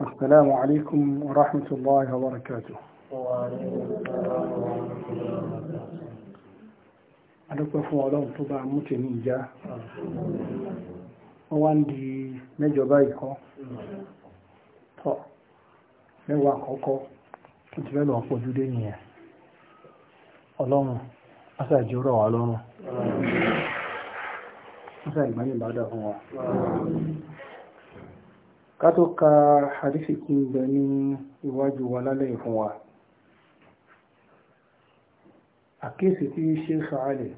السلام عليكم ورحمة الله وبركاته adúpẹ́ fún ọlọ́run tó bá mú tèmi ìjà wọ́n wá ń di mẹ́jọba ìkọ́ tọ́ mẹ́wàá àkọ́kọ́ tó ti fẹ́ lọ́ọ́ pọ̀jú dé nìyẹn ọlọ́run aṣáájú rọ̀ wá lọ́rùn aṣáájú ìgbàlè bá dà fún wa kátó ka hadisi kí bẹ ní iwájú wa lálẹ́ ìfún wa àkíyèsí tí Sheikh Ali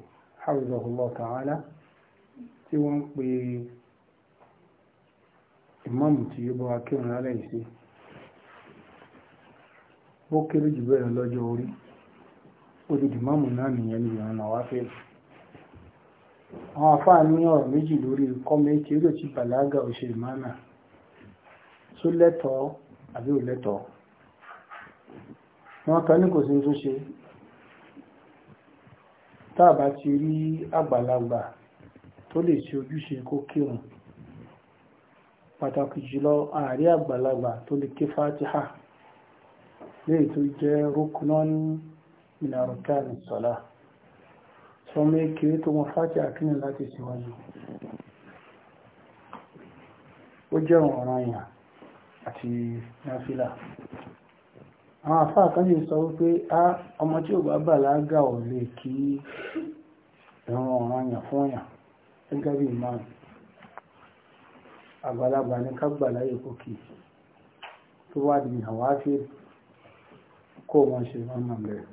hafizahullah ta'ala tí wọ́n ń pe ìmáàmù tí yóò bá wa kírun lálẹ́ ìsí ó kéré jù bẹ́ẹ̀ lọ́jọ́ orí odidi máàmù náà nìyẹn ní ìrànà wá fẹ́ àwọn afáà ní ọ̀rọ̀ méjì lórí kọ́mẹ́kì ó ti bàlágà òṣèlú mánà tó lẹ́tọ̀ọ́ àbí ò lẹ́tọ̀ọ́ wọn kan ní kò sí tó ṣe tá a bá ti rí àgbàlagbà tó lè ṣe ojúṣe kó kírun pàtàkì jùlọ ààrí àgbàlagbà tó lè ké fatiha léyìí tó jẹ́ rukunan min arkan salah sọmọ èkèrè tó wọn fatiha kínú láti síwájú ó jẹ́ ọ̀ranyàn àti náfílà àwọn àfáà kan lè sọ wípé a ọmọ tí ò bá bàlágà ò lè kí ẹ̀rùn ọ̀ràn yàn fún yàn gẹ́gẹ́ bí imam àgbàlagbà ní kágbà láyé kókì tó wá di àwáfíì kó wọn ṣe mọ́mọ́ bẹ̀rẹ̀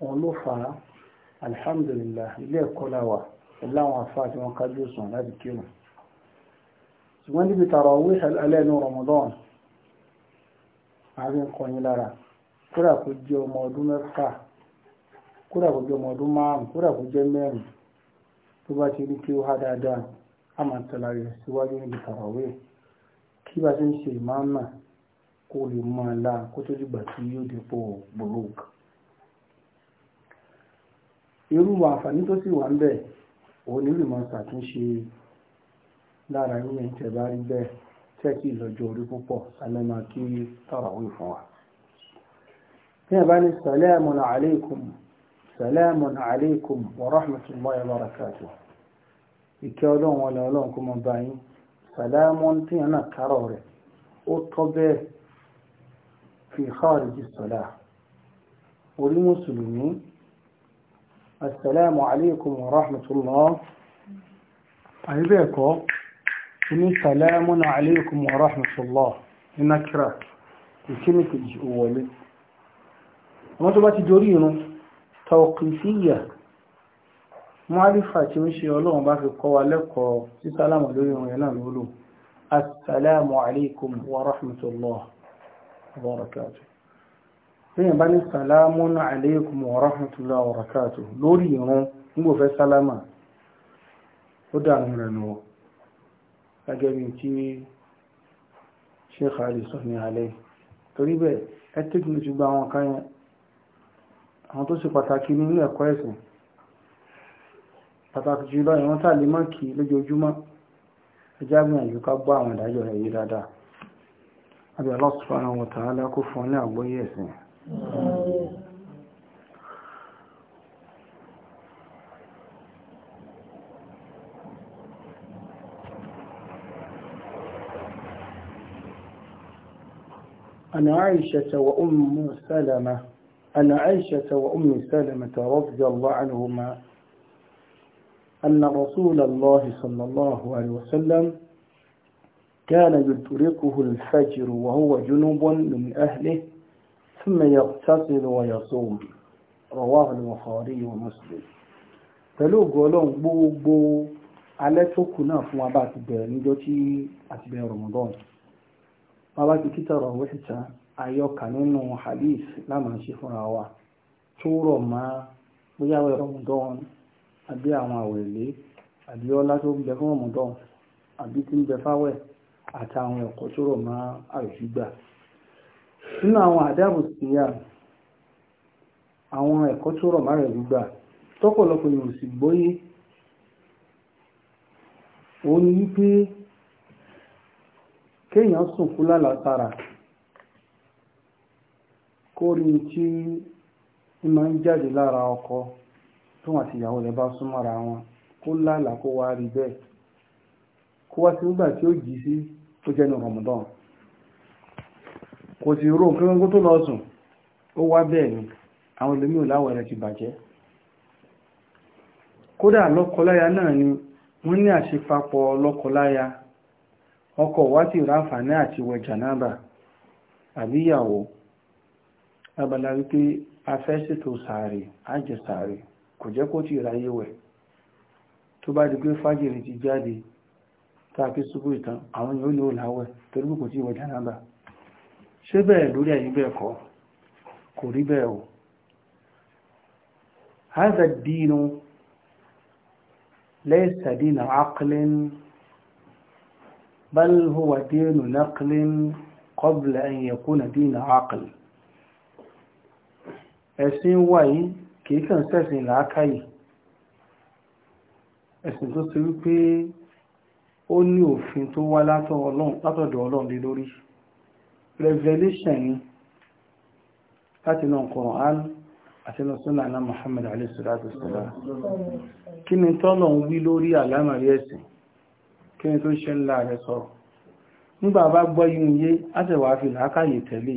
òun ló fà alhamdulillah ilé ẹ̀kọ́ láwà láwọn àfáà tí wọ́n kájú sùn láti kírun ṣùgbọ́n níbi tarawih alẹ́nu Ramadan àárín kọyìn lára kódà kó jẹ́ ọmọ ọdún mẹ́fà kódà kó jẹ́ ọmọ ọdún márùn kódà kó jẹ́ mẹ́rin tó bá ti rí kí ó há dáadáa a máa tẹ̀lé rẹ̀ síwájú níbi tarawih kí bá ti ń ṣe ìmáàmà kó lè máa la kó tó dìgbà tí yóò dépò bulugh irú àǹfààní tó sì wà ń bẹ̀ òun nílùú máa ṣàtúnṣe lára yín ẹ̀yin tẹ̀ bá rí bẹ́ẹ̀ tẹ́kì lọ́jọ́ orí púpọ̀ alẹ́mà kí tàràwí fún wa. bí ẹ bá ní salamun alaykum salamun alaykum wa rahmatullahi wa barakatuh ìkẹ́ ọlọ́run wọn lọ́lọ́run kó mọ bá yín salamun tí yẹn ní salamun alaykum wa rahmatullah ní nakira ìkíni kejì òwọlé wọ́n tó bá ti dorí irun tawqifiyya mọ́álífà tí ó ń ṣe ọlọ́run bá fi kọ́ wa lẹ́kọ̀ọ́ sí sálámà lórí irun yẹn náà lólò assalamu alaikum wa rahmatullah gẹ́gẹ́ bí tí Sheikh Ali sọ ní alẹ́ torí bẹ́ẹ̀ ethics ní ṣùgbọ́n àwọn kan yẹn àwọn tó ṣe pàtàkì nínú ẹ̀kọ́ ẹ̀sìn pàtàkì jùlọ ìwọ̀n tà lè máa lójoojúmọ́ ẹjá gbìyànjú ká gbọ́ àwọn ìdájọ́ rẹ̀ yìí dáadáa عن عائشة وأم سلمة عن عائشة وأم سلمة رضي الله عنهما أن رسول الله صلى الله عليه وسلم كان يدركه الفجر وهو جنوب من أهله ثم يغتسل ويصوم رواه البخاري ومسلم فلو قولون بو بو على tó kù بعد fún wa رمضان bàbá ti kíta ọ̀rọ̀ wẹ́ síta àyọkà nínú hadith lámàá sí fúnra wa tó rọ̀ mọ́ bóyá ọ̀rọ̀ Ramadan àbí àwọn àwẹ̀lé àbí ọlá tó ń bẹ fún Ramadan àbí tí ń bẹ fáwẹ̀ àtàwọn ẹ̀kọ́ tó rọ̀ mọ́ àrùsígbà nínú àwọn àdáàbò sí yà àwọn ẹ̀kọ́ tó rọ̀ mọ́ àrùsígbà tọ́pọ̀lọpọ̀ yóò sì gbóyé òun ni wípé kéèyàn sùn fún lálàtàrà kórí tí ń máa ń jáde lára ọkọ ìyàwó rẹ̀ bá súnmọ́ra wọn kó lálàá kó wá rí bẹ́ẹ̀ kó wá sí nígbà tí ó sí tó jẹ́ ní kò sì rò kí tó lọ sùn ó wá bẹ́ẹ̀ ni àwọn ìlú láwọ̀ ti bàjẹ́ kódà ni wọ́n ní àṣepapọ̀ ọkọ wa sì ráǹfààní àti wẹ̀ jànáàbà àbí ìyàwó abala wípé afẹ́ ṣètò sàárè àjẹ sàárè kò jẹ́ kó ti ráyé wẹ̀ tó bá di pé fájìrì ti jáde tàbí ṣubú ìtàn àwọn yóò lò láwẹ̀ torí kò tí wẹ̀ ṣé bẹ́ẹ̀ lórí ẹ̀yìn bẹ́ẹ̀ kọ́ kò rí bẹ́ẹ̀ o هذا الدين ليس دين عقل بل هو دين نقل قبل أن يكون دين عقل ẹ̀sìn wáyé kìí kàn sẹ́sìn làákàyè ẹ̀sìn tó ti wípé ó ní òfin tó wá látọ̀dọ̀ ọlọ́run lé lórí revelation ni láti náà Kùránì àti náà sunnah náà Muhammad alayhi salatu wassalam kí ni tọ́lọ̀ ń wí lórí àlámàrí ẹ̀sìn kí ni tó ṣe ńlá rẹ̀ sọ̀rọ̀ nígbà bá gbọ́ yìí yé àtẹ̀wà fi làákàyè tẹ̀lé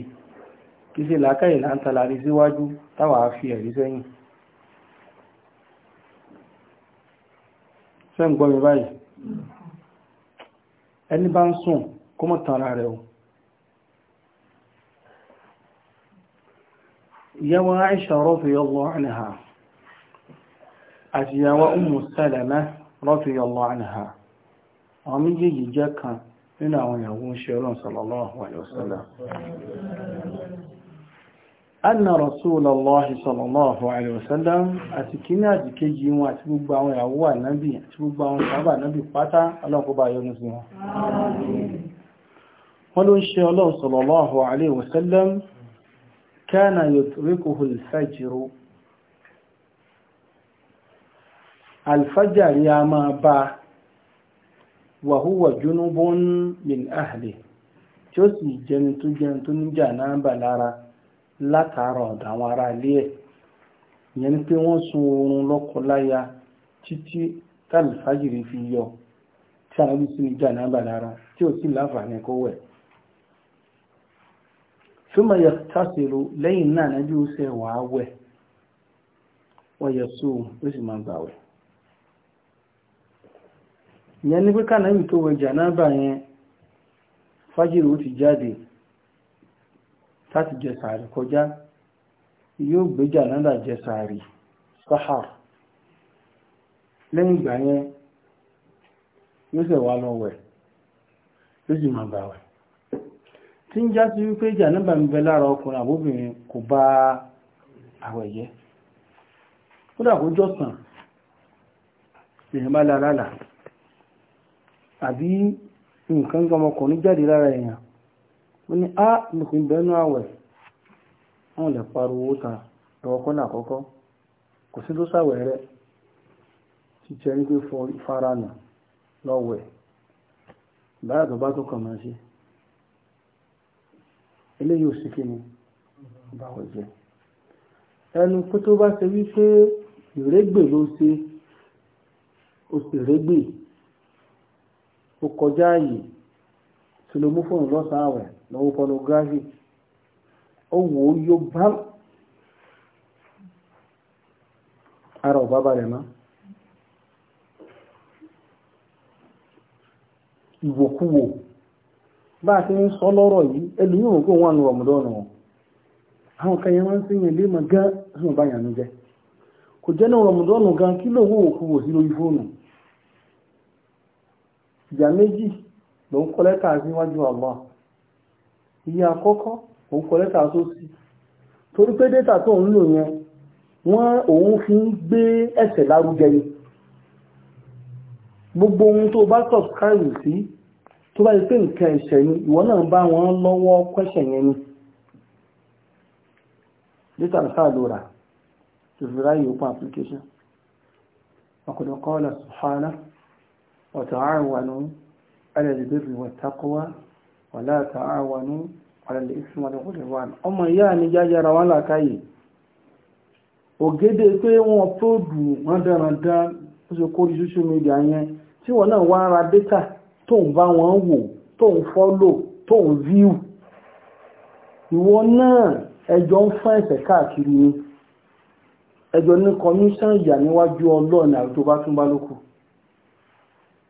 kì í ṣe làákàyè láńtàlárí síwájú táwà fi ẹ̀rí sẹ́yìn ṣe ń gbọ́ mi báyìí ẹni bá ń sùn kó mọ̀ rẹ̀ o Aisha àti àwọn méjèèjì jẹ́ kan nínú àwọn ìyàwó ń ṣe ọlọ́run sallallahu alaihi wasallam anna rasulallah sallallahu alaihi wasallam àti kíní àti kejì wọn àti gbogbo àwọn ìyàwó ànábì àti gbogbo àwọn sábà ànábì pátá ọlọ́pọ̀bá yọ́nú sí wọn wọ́n ló ń ṣe ọlọ́run sallallahu alaihi wasallam kana yutrikuhu al wahuwa junubun min ahli tí ó sì jẹni tó jẹni tó ní jànáàbà lára látara àwọn ará ilé ẹ̀ ìyẹn ni pé wọ́n sun oorun láya títí fi yọ tí àwọn ibi sí ní jànáàbà lára tí ó sì láǹfààní kó wẹ̀. ثم يغتسل lẹ́yìn náà nájú wàá wẹ̀ wọ́n yẹ sóun ó sì máa ìyẹn n'i pé kànáàbì tó wẹ jànáàbà yẹn fájìrì ti jáde láti jẹ sàárì kọjá yóò gbé jànáàbà jẹ sàárì sahar lẹ́yìn ìgbà yẹn yóò sẹ̀ lọ wẹ̀ ló ma bà wẹ̀ tí ń já sí wípé jànáàbà ń bẹ lára ọkùnrin àbóbìnrin kò bá àwẹ̀ yẹ kódà àbí nǹkan gan ọmọkùnrin jáde lára èèyàn ó ní á nìkún bẹnu àwẹ̀ wọn lè pariwo ta lọ́wọ́ kọ́nà àkọ́kọ́ kò sí tó sàwẹ̀ rẹ̀ títí ẹni pé fara nà lọ́wẹ̀ báyà tó bá tó kàn máa ṣe eléyìí ò sí kí ni báwọ̀ jẹ́ ẹnu pé tó bá ṣe wípé ìrégbè ló ṣe òṣèrègbè ó kọjá ààyè tùlùmú fóònù lọ́sàn-án àwẹ̀ lọ́wọ́ pornography ó wò ó bá ara ọ̀bá balẹ̀ mọ́ ìwòkúwò bá a ti ń sọ lọ́rọ̀ yìí ẹlùmí òkú wọn ní ọmọdọ́nà wọn àwọn kan yẹn máa sí yẹn léèmọ̀ gán sí ọ̀bá yànú ga kò jẹ́ náà ọmọdọ́nà gan kí ìyá méjì ló ń kọ lẹ́tà níwájú àmọ́ iye àkọ́kọ́ òun kọ lẹ́tà tó sí torí pé dẹ́tà tó ń lò yẹn wọ́n òun fi ń gbé ẹsẹ̀ lárugẹ ni gbogbo ohun tó bá subscribe sí tó bá yẹ pé nǹkan ẹ̀ṣẹ̀ ni ìwọ náà bá wọn lọ́wọ́ kọ́ṣẹ̀ yẹn ni dẹ́tà sáà ló rà to vary open application. وقد قال سبحانه وتعاونوا على البر والتقوى ولا تعاونوا على الإثم والعدوان ọmọ ìyá ni jájára wọn làkáyè ògédé pé wọn tó dù wọn dáradá ó ṣe kórí social media yẹn tí wọn náà wá ra data tó ń bá wọn wò tó ń fọ́lò tó ń view ìwọ náà ẹjọ́ ń fún ẹ̀sẹ̀ káàkiri ni ẹjọ́ ní commission ìyà níwájú ọlọ́ọ̀nà àti tó bá tún bá lókùn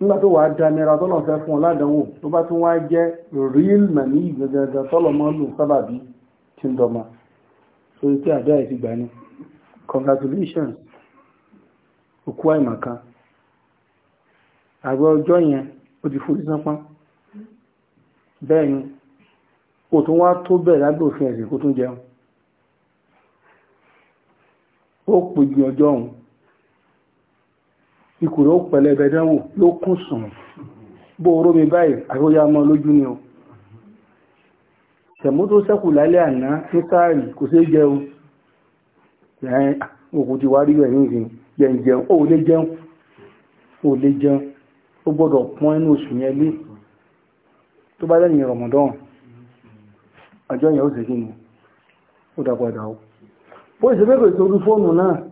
nígbà tó wàá da nira tọ́lọ̀ fẹ́ fún ọ ládánwò tó bá tún wáá jẹ́ real money gbẹgbẹgbẹ tọ́lọ̀ mọ́ lò sábàbí tí ń dọ́mà sórí tí àdúrà yìí ti gbà ní congratulations òkú àìmọ̀ká àgbẹ̀ ọjọ́ yẹn ó ti forí sánpọ́n bẹ́ẹ̀ ni kò tún wá tó bẹ̀rẹ̀ lábẹ́ òfin ẹ̀sìn kó tún jẹun ó pè gbìyànjọ́ ọ̀hún ikù rẹ̀ ó pẹ̀lẹ̀ bẹ̀dánwò ló kún sùn bó oró mi báyìí àríwá mọ́ lójú ni o tẹ̀mú tó sẹ́kù lálẹ́ àná ní sáàrì kò sí jẹun ẹ̀yìn òkú ti wá rí ẹ̀yìn ìrìn ni ó dá padà ó bó ìṣẹ́fẹ́ kò sí orí fóònù náà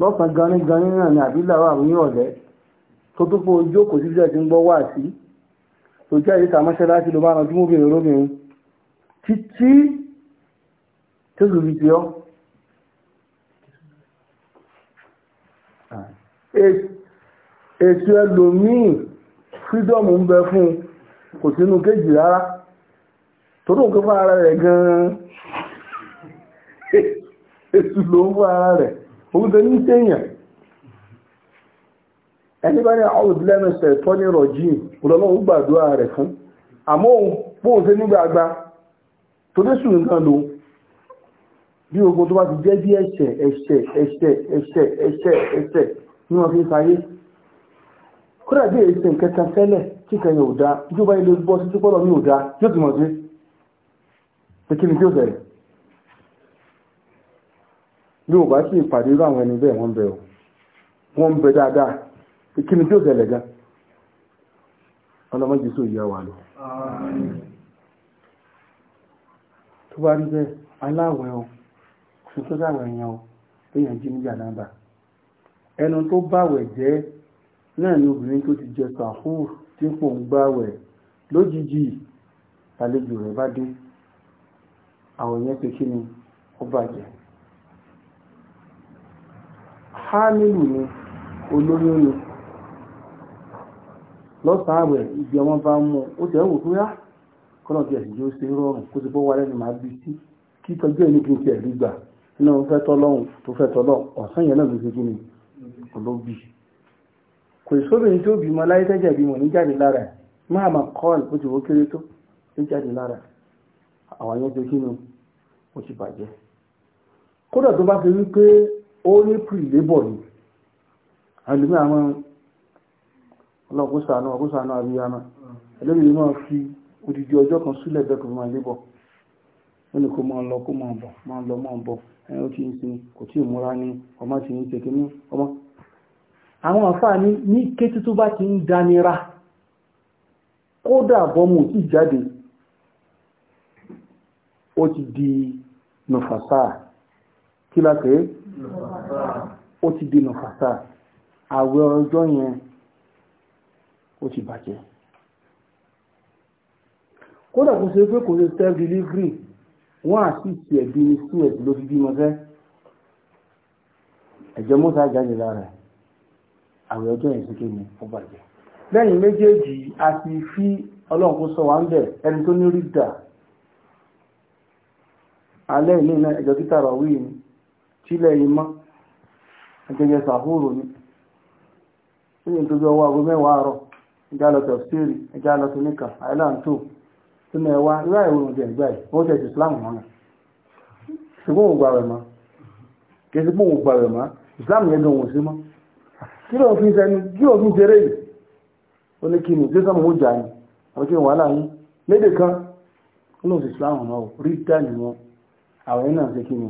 lọ́sàn gani gani náà ni àbílà wà ní ọ̀lẹ́ tó tó fún ojú òkú síbílẹ̀ tí ń gbọ́ wà sí tó jẹ́ ìta mọ́ṣáláṣí ló bá ran tí mọ́bìnrin lóbìnrin títí tó lù fi ọ́ ètò ẹlòmíì fídọ́mù ń bẹ fún kò sínú kéjì rárá tó tó ń kó fún ara rẹ̀ gan-an ètò ló ń fún ara rẹ̀ orúkọ ní sẹ́yìn ẹni bá ní àwọn ìdílẹ́mẹsẹ̀ tọ́ ní rọ̀jìn olọ́lọ́wọ́ gbàdúrà rẹ̀ fún àmọ́ òun bóun ṣe nígbà àgbà tó dé sùn nǹkan lòun bí ogun tó bá ti jẹ́ bí ẹ̀ṣẹ̀ ẹ̀ṣẹ̀ ẹ̀ṣẹ̀ ẹ̀ṣẹ̀ ẹ̀ṣẹ̀ ẹ̀ṣẹ̀ ní wọ́n fi ń sáyé kódà bí èsì nkẹta fẹ́lẹ̀ kíkẹ́ yẹn ò dá ìjọba ilé bọ́ sí tí pọ́lọ́ mi ò dá yóò ti mọ̀ sí pé bí o bá sì pàdé irú àwọn ẹni bẹ́ẹ̀ wọ́n bẹ o wọ́n bẹ dáadáa kí ni tí ó ṣẹlẹ̀ gan ọlọ́mọ jésù yà wà lọ. tó bá rí bẹ́ẹ̀ aláwẹ̀ o kò tó dáwẹ̀ yẹn o èèyàn jí níjà nàbà ẹnu tó báwẹ̀ jẹ́ náà ni obìnrin tó ti jẹ sàhúr tí kò ń gbáwẹ̀ lójijì àlejò rẹ̀ bá dé àwọn yẹn ti kí ni ó bàjẹ́ hamilu ni olóyún ni lọ́sàn àwẹ̀ ibi ọmọ bá mú ó tẹ̀ wò fúyá ah, kọ́nà tí ẹ̀sìn yóò ṣe rọrùn kó ti bọ́ wà lẹ́nu màá bí sí kí tọ́jú ẹ̀ ní kí n ti ẹ̀rí gbà iná mo fẹ́ tọ́lọ́hùn tó fẹ́ tọ́lọ́ ọ̀sán yẹn náà ló ṣe kí ni kò ló bì kò sóbìnrin tó bímọ láyé tẹ́jẹ̀ bímọ ní jáde lára ẹ̀ máa máa kọ́ ẹ̀ bó ti wó kéré tó ní jáde lára àwọn yẹn ṣe kí ni ó ní pìlébọ̀ ni àlùmí àwọn ọlọ́kùsànà ọkùsànà àríyàmá ẹlẹ́mìí máa fi odidi ọjọ́ kan sílẹ̀ bẹ́ẹ̀ kò máa lébọ̀ ó ní kó máa lọ kó máa bọ̀ máa lọ máa bọ̀ ẹni ó ti ń sin kò tí ì múra ní ọmọ ti ń tẹ̀kẹ́ ní ọmọ àwọn àfáà ní ní kété tó bá ti ń danira kódà bọ́mù tí jáde ó ti di nùfàsáà kí lápẹ́ ó ti dènà fàṣà àwẹ̀ ọjọ́ yẹn ó ti bàjẹ́ kódà kò ṣe pé kò ṣe self delivery wọ́n àti ìsì ẹ̀bí ní suez ló fi bímọ fẹ́ ẹ̀jẹ̀ mọ́ta jáde lára àwẹ̀ ọjọ́ yẹn sí kéne ó bàjẹ́ lẹ́yìn méjèèjì a ti fi ọlọ́run kó sọ wá ń bẹ̀ ẹni tó ní rí dà alẹ́ ìlú náà ẹ̀jọ̀ títà rọ̀ wíì tílẹ̀ yìí mọ́ ẹgbẹ̀yẹ sàhúrò ní ní tó bí ọwọ́ agbẹ́mẹ́wàá rọ̀ ẹjá lọ tẹ̀síìrì ẹjá lọ tó níkà àìláńtò tó ní ẹwà irú àìwòrán jẹ ìgbà yìí ó tẹ̀sí Islam mọ́nà ṣùgbọ́n òun gbà rẹ̀ mọ́ kì í sí pé òun gbà rẹ̀ mọ́ Islam yẹn gan òun sí mọ́ kí ló fi sẹni kí ló fi jẹrẹ yìí ó ní kí ni tí sọmọ òun jà ní àwọn kí àwọn yẹn ṣe kí ni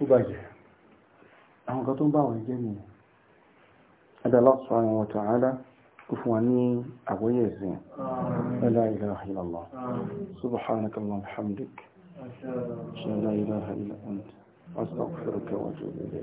ó bàjẹ́ àwọn kan tó ń bá wọn jẹ́ nìyẹn adàlá subhanahu wa ta'ala kò fún wa ní àwọ́yẹ̀ ìsìn la ilaha illallah